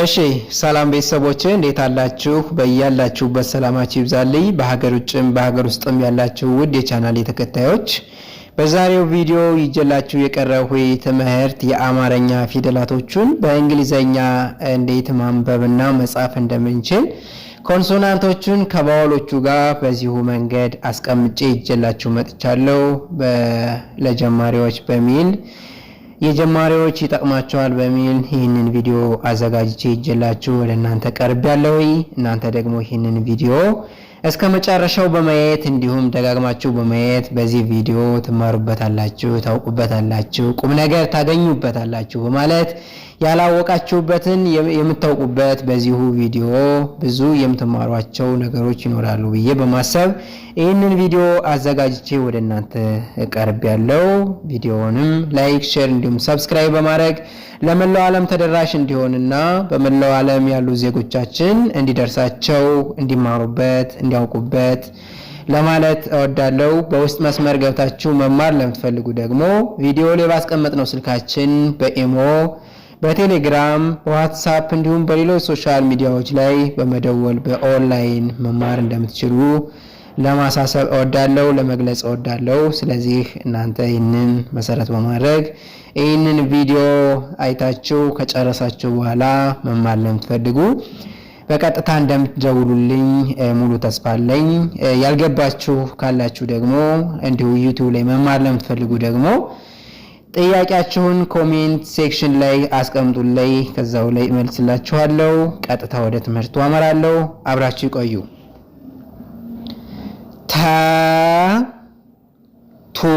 እሺ ሰላም ቤተሰቦች እንዴት አላችሁ? በያላችሁበት ሰላማችሁ ይብዛልኝ። በሀገር ውጭም በሀገር ውስጥም ያላችሁ ውድ የቻናል ተከታዮች በዛሬው ቪዲዮ ይጀላችሁ የቀረሁ ትምህርት የአማርኛ ፊደላቶቹን በእንግሊዘኛ እንዴት ማንበብና መጻፍ እንደምንችል ኮንሶናንቶቹን ከባወሎቹ ጋር በዚሁ መንገድ አስቀምጬ ይጀላችሁ መጥቻለሁ ለጀማሪዎች በሚል የጀማሪዎች ይጠቅማቸዋል በሚል ይህንን ቪዲዮ አዘጋጅቼ ይጀላችሁ ወደ እናንተ ቀርብ ያለው እናንተ ደግሞ ይህንን ቪዲዮ እስከ መጨረሻው በማየት እንዲሁም ደጋግማችሁ በማየት በዚህ ቪዲዮ ትማሩበታላችሁ፣ ታውቁበታላችሁ፣ ቁም ነገር ታገኙበታላችሁ በማለት ያላወቃችሁበትን የምታውቁበት በዚሁ ቪዲዮ ብዙ የምትማሯቸው ነገሮች ይኖራሉ ብዬ በማሰብ ይህንን ቪዲዮ አዘጋጅቼ ወደ እናንተ እቀርብ ያለው ቪዲዮውንም ላይክ፣ ሼር እንዲሁም ሰብስክራይብ በማድረግ ለመላው ዓለም ተደራሽ እንዲሆንና በመላው ዓለም ያሉ ዜጎቻችን እንዲደርሳቸው፣ እንዲማሩበት፣ እንዲያውቁበት ለማለት እወዳለሁ። በውስጥ መስመር ገብታችሁ መማር ለምትፈልጉ ደግሞ ቪዲዮ ላይ ባስቀመጥነው ስልካችን በኢሞ በቴሌግራም በዋትሳፕ እንዲሁም በሌሎች ሶሻል ሚዲያዎች ላይ በመደወል በኦንላይን መማር እንደምትችሉ ለማሳሰብ እወዳለሁ፣ ለመግለጽ እወዳለሁ። ስለዚህ እናንተ ይህንን መሰረት በማድረግ ይህንን ቪዲዮ አይታችሁ ከጨረሳችሁ በኋላ መማር ለምትፈልጉ በቀጥታ እንደምትደውሉልኝ ሙሉ ተስፋ አለኝ። ያልገባችሁ ካላችሁ ደግሞ እንዲሁ ዩቲዩብ ላይ መማር ለምትፈልጉ ደግሞ ጥያቄያችሁን ኮሜንት ሴክሽን ላይ አስቀምጡልኝ። ከዛው ላይ እመልስላችኋለሁ። ቀጥታ ወደ ትምህርቱ አመራለሁ። አብራችሁ ይቆዩ። ተ ቱ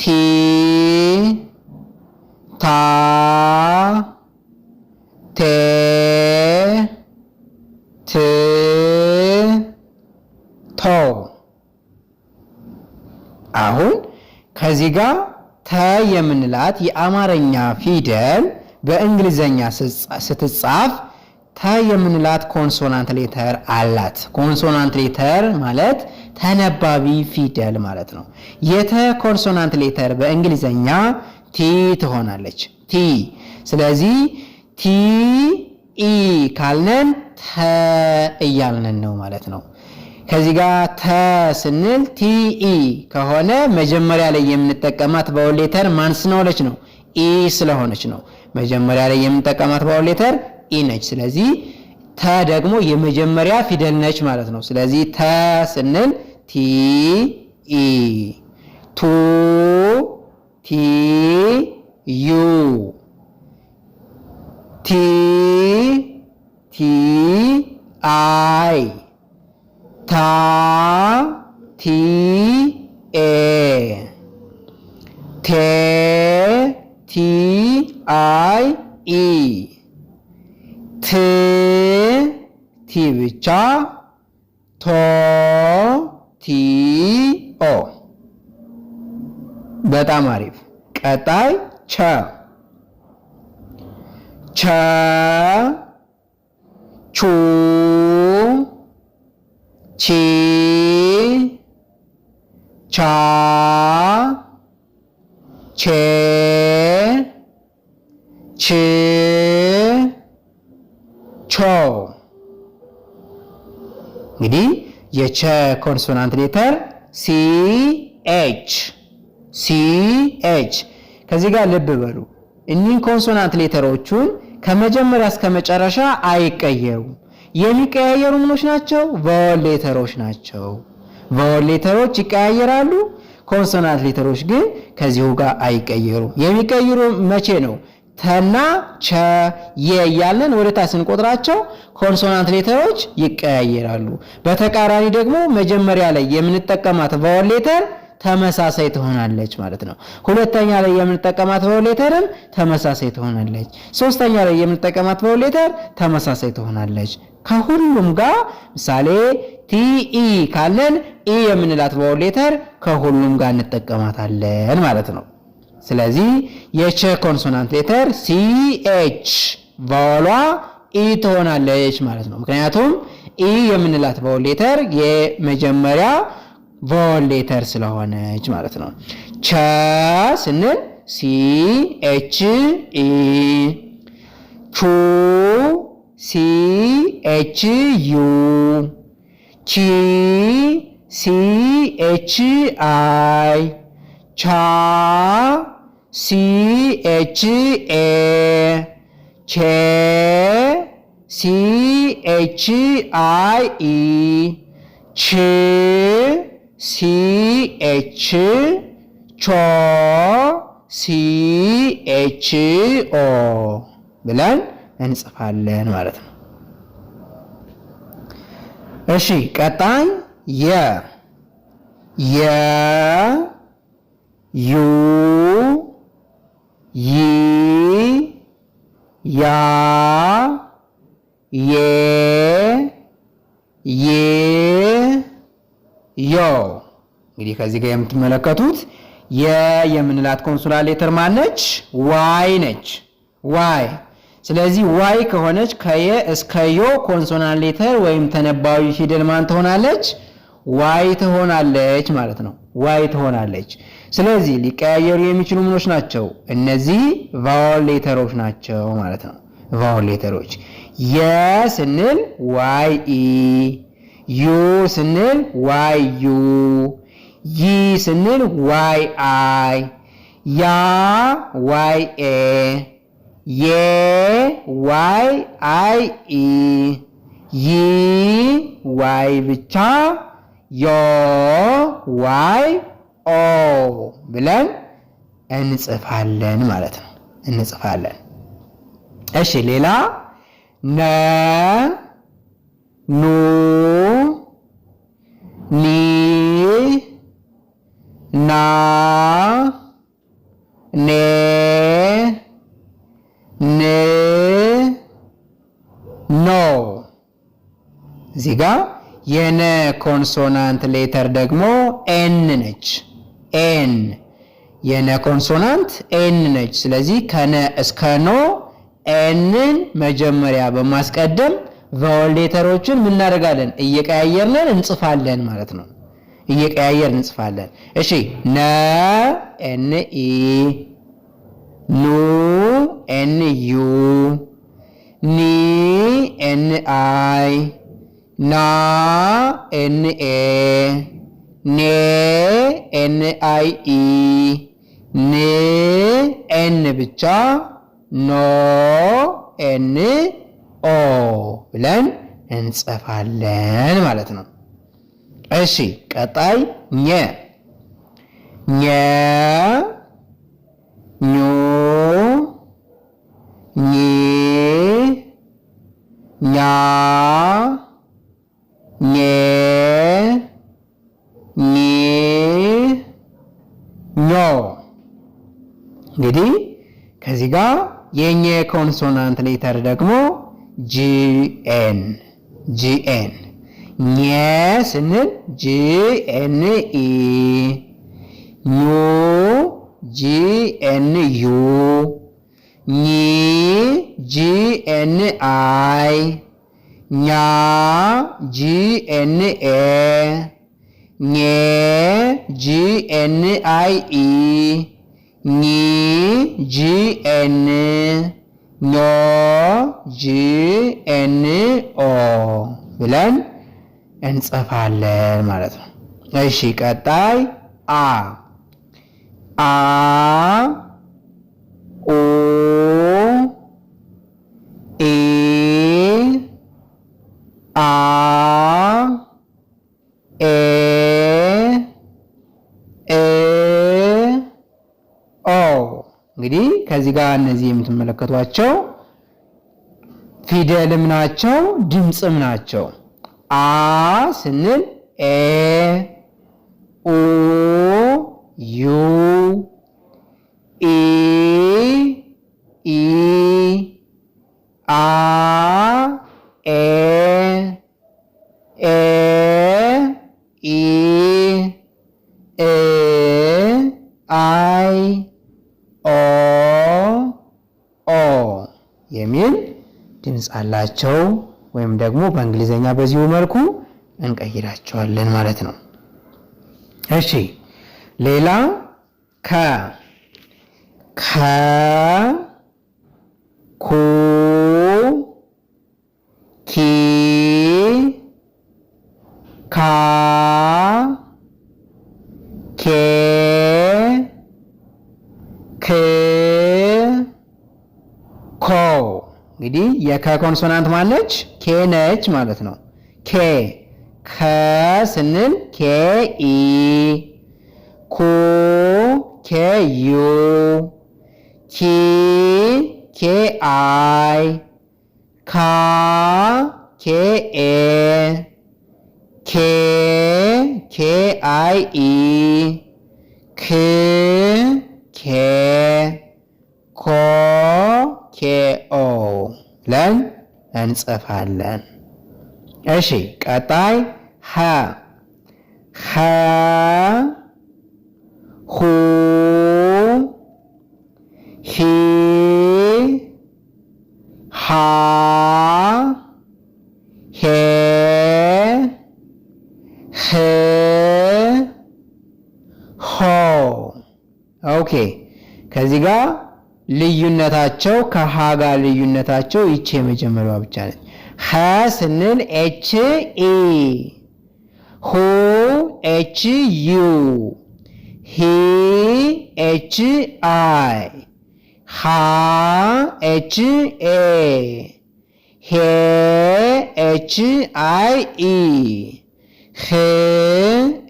ቲ ታ ቴ ት ቶ አሁን ከዚህ ጋር ተ የምንላት የአማርኛ ፊደል በእንግሊዘኛ ስትጻፍ ተ የምንላት ኮንሶናንት ሌተር አላት። ኮንሶናንት ሌተር ማለት ተነባቢ ፊደል ማለት ነው። የተ ኮንሶናንት ሌተር በእንግሊዘኛ ቲ ትሆናለች። ቲ ስለዚህ ቲ ኢ ካልነን ተ እያልነን ነው ማለት ነው። ከዚህ ጋር ተ ስንል ቲኢ ከሆነ መጀመሪያ ላይ የምንጠቀማት ባውል ሌተር ማን ስለሆነች ነው? ኢ ስለሆነች ነው። መጀመሪያ ላይ የምንጠቀማት ባውል ሌተር ኢ ነች። ስለዚህ ተ ደግሞ የመጀመሪያ ፊደል ነች ማለት ነው። ስለዚህ ተ ስንል ቲ ኢ ቱ ቲ ዩ ቲ ብቻ ቶ ቲ ኦ። በጣም አሪፍ። ቀጣይ ቸ ቸ ቹ ቺ ቻ ቼ ቺ ቾ እንግዲህ የቸ ኮንሶናንት ሌተር ሲ ኤች ሲ ኤች። ከዚህ ጋር ልብ በሉ እኒህን ኮንሶናንት ሌተሮቹን ከመጀመሪያ እስከ መጨረሻ አይቀየሩም። የሚቀያየሩ ምኖች ናቸው? ቫወል ሌተሮች ናቸው። ቫወል ሌተሮች ይቀያየራሉ። ኮንሶናንት ሌተሮች ግን ከዚሁ ጋር አይቀየሩም። የሚቀይሩ መቼ ነው? ተና ቸ የ እያለን ወደ ታች ስንቆጥራቸው ኮንሶናንት ሌተሮች ይቀያየራሉ። በተቃራኒ ደግሞ መጀመሪያ ላይ የምንጠቀማት ቫወል ሌተር ተመሳሳይ ትሆናለች ማለት ነው። ሁለተኛ ላይ የምንጠቀማት ቫወል ሌተርም ተመሳሳይ ትሆናለች። ሶስተኛ ላይ የምንጠቀማት ቫወል ሌተር ተመሳሳይ ትሆናለች ከሁሉም ጋር ምሳሌ ቲኢ ካለን ኢ የምንላት ቫወል ሌተር ከሁሉም ጋር እንጠቀማታለን ማለት ነው። ስለዚህ የቼ ኮንሶናንት ሌተር ሲኤች ቫዋሏ ኢ ትሆናለች ማለት ነው። ምክንያቱም ኢ የምንላት ቫወል ሌተር የመጀመሪያ ቫወል ሌተር ስለሆነች ማለት ነው። ቸ ስንል ሲኤች ኢ፣ ቹ ሲኤች ዩ፣ ቺ ሲኤች አይ፣ ቻ ሲ ኤች ኤ ቼ ሲ ኤች አይ ኢ ች ሲ ኤች ቾ ሲ ኤች ኦ ብለን እንጽፋለን ማለት ነው። እሺ ቀጣይ የ የ ዩ ይ ያ ዬ ዬ ዮ እንግዲህ ከዚህ ጋር የምትመለከቱት የ የምንላት ኮንሶናንት ሌተር ማነች? ዋይ ነች። ዋይ ስለዚህ ዋይ ከሆነች ከየ እስከ ዮ ኮንሶናንት ሌተር ወይም ተነባዊ ፊደል ማን ትሆናለች? ዋይ ትሆናለች ማለት ነው። ዋይ ትሆናለች። ስለዚህ ሊቀያየሩ የሚችሉ ምኖች ናቸው? እነዚህ ቫወል ሌተሮች ናቸው ማለት ነው። ቫወል ሌተሮች የ ስንል ዋይ ኢ፣ ዩ ስንል ዋይ ዩ፣ ይ ስንል ዋይ አይ፣ ያ ዋይ ኤ፣ የ ዋይ አይ ኢ፣ ይ ዋይ ብቻ፣ ዮ ዋይ ኦ ብለን እንጽፋለን ማለት ነው። እንጽፋለን። እሺ ሌላ ነ ኑ ኒ ና ኔ ን ኖ እዚህ ጋ የነ ኮንሶናንት ሌተር ደግሞ ኤን ነች። ኤን የነ ኮንሶናንት ኤን ነች። ስለዚህ ከነ እስከ ኖ ኤንን መጀመሪያ በማስቀደም ቫወል ሌተሮችን ምናደርጋለን እየቀያየርነን እንጽፋለን ማለት ነው። እየቀያየርን እንጽፋለን። እሺ ነ ኤን ኢ ኑ ኤን ዩ ኒ ኤን አይ ና ኤን ኤ ኔ ኤን አይ ኢ ን ኤን ብቻ ኖ ኤን ኦ ብለን እንጽፋለን ማለት ነው። እሺ ቀጣይ ኘ ኘ ኙ ኚ ኛ እንግዲህ ከዚህ ጋር የእኛ የኮንሶናንት ሌተር ደግሞ ጂኤን ጂኤን ኘ ስንል ጂኤን ኢ ኞ ጂኤን ዩ ኚ ጂኤን አይ ኛ ጂኤን ኤ ኜ ጂኤን አይ ኢ ኚ ጂኤን ኖ ጂኤን ኦ ብለን እንጽፋለን ማለት ነው። እሺ ቀጣይ አ አ ኦ ኤ አ እንግዲህ ከዚህ ጋር እነዚህ የምትመለከቷቸው ፊደልም ናቸው፣ ድምፅም ናቸው። አ ስንል ኤ፣ ኡ፣ ዩ፣ ኢ፣ ኢ፣ አ፣ ኤ ካላቸው ወይም ደግሞ በእንግሊዘኛ በዚሁ መልኩ እንቀይራቸዋለን ማለት ነው። እሺ ሌላ ከ ከ ኩ እንግዲህ ኮንሶናንት ማለች ኬ ነች ማለት ነው። ኬ ከ ስንል ኬ ኢ ኩ ኬ ዩ ኪ ኬ አይ ካ ኬ ኤ ኬ ኬ አይ ኢ ክ ኬ ላይ እንጽፋለን። እሺ ቀጣይ ሀ ሀ ሁ ሂ ሃ ሄ ህ ሆ ኦኬ ከዚህ ጋር ልዩነታቸው ከሀ ጋር ልዩነታቸው ይቺ የመጀመሪያዋ ብቻ ነች። ሀ ስንል ኤች ኤ ሆ ኤች ዩ ሂ ኤች አይ ሃ ኤች ኤ ሄ ኤች አይ ኢ ህ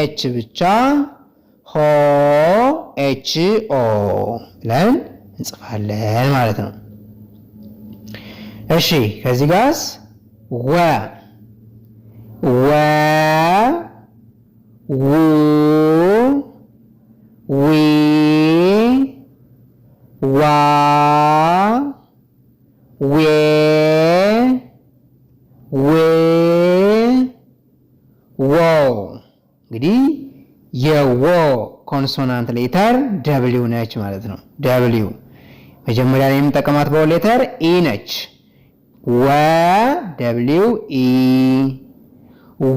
ኤች ብቻ ሆ ኤች ኦ ብለን እንጽፋለን ማለት ነው። እሺ ከዚህ ጋርስ ወ ወ ው ዊ ዋ ዌ ዌ ዎ እንግዲህ የዎ ኮንሶናንት ሌተር ደብሊው ነች ማለት ነው። ደብሊው መጀመሪያ ላይ የምንጠቀማት ባውል ሌተር ኢ e ነች። ወ ደብሊው ኢ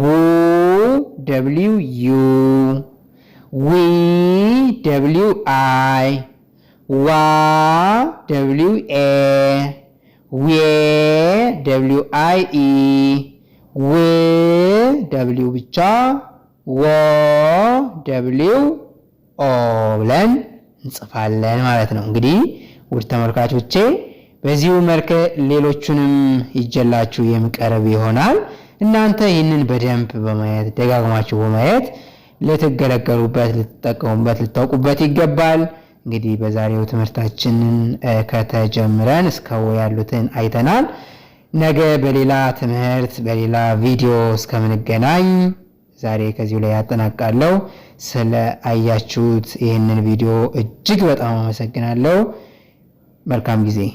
ው ደብሊው ዩ ዊ ደብሊው አይ ዋ ደብሊው ኤ ዌ ደብሊው አይ ኢ ዌ ደብሊው ብቻ ወ ደብሊው ኦ ብለን እንጽፋለን ማለት ነው እንግዲህ ውድ ተመልካቾቼ በዚሁ መልክ ሌሎቹንም ይጀላችሁ የሚቀርብ ይሆናል። እናንተ ይህንን በደንብ በማየት ደጋግማችሁ በማየት ልትገለገሉበት፣ ልትጠቀሙበት፣ ልታውቁበት ይገባል። እንግዲህ በዛሬው ትምህርታችንን ከተጀምረን እስከው ያሉትን አይተናል። ነገ በሌላ ትምህርት በሌላ ቪዲዮ እስከምንገናኝ ዛሬ ከዚሁ ላይ ያጠናቃለሁ። ስለ አያችሁት ይህንን ቪዲዮ እጅግ በጣም አመሰግናለሁ። መልካም ጊዜ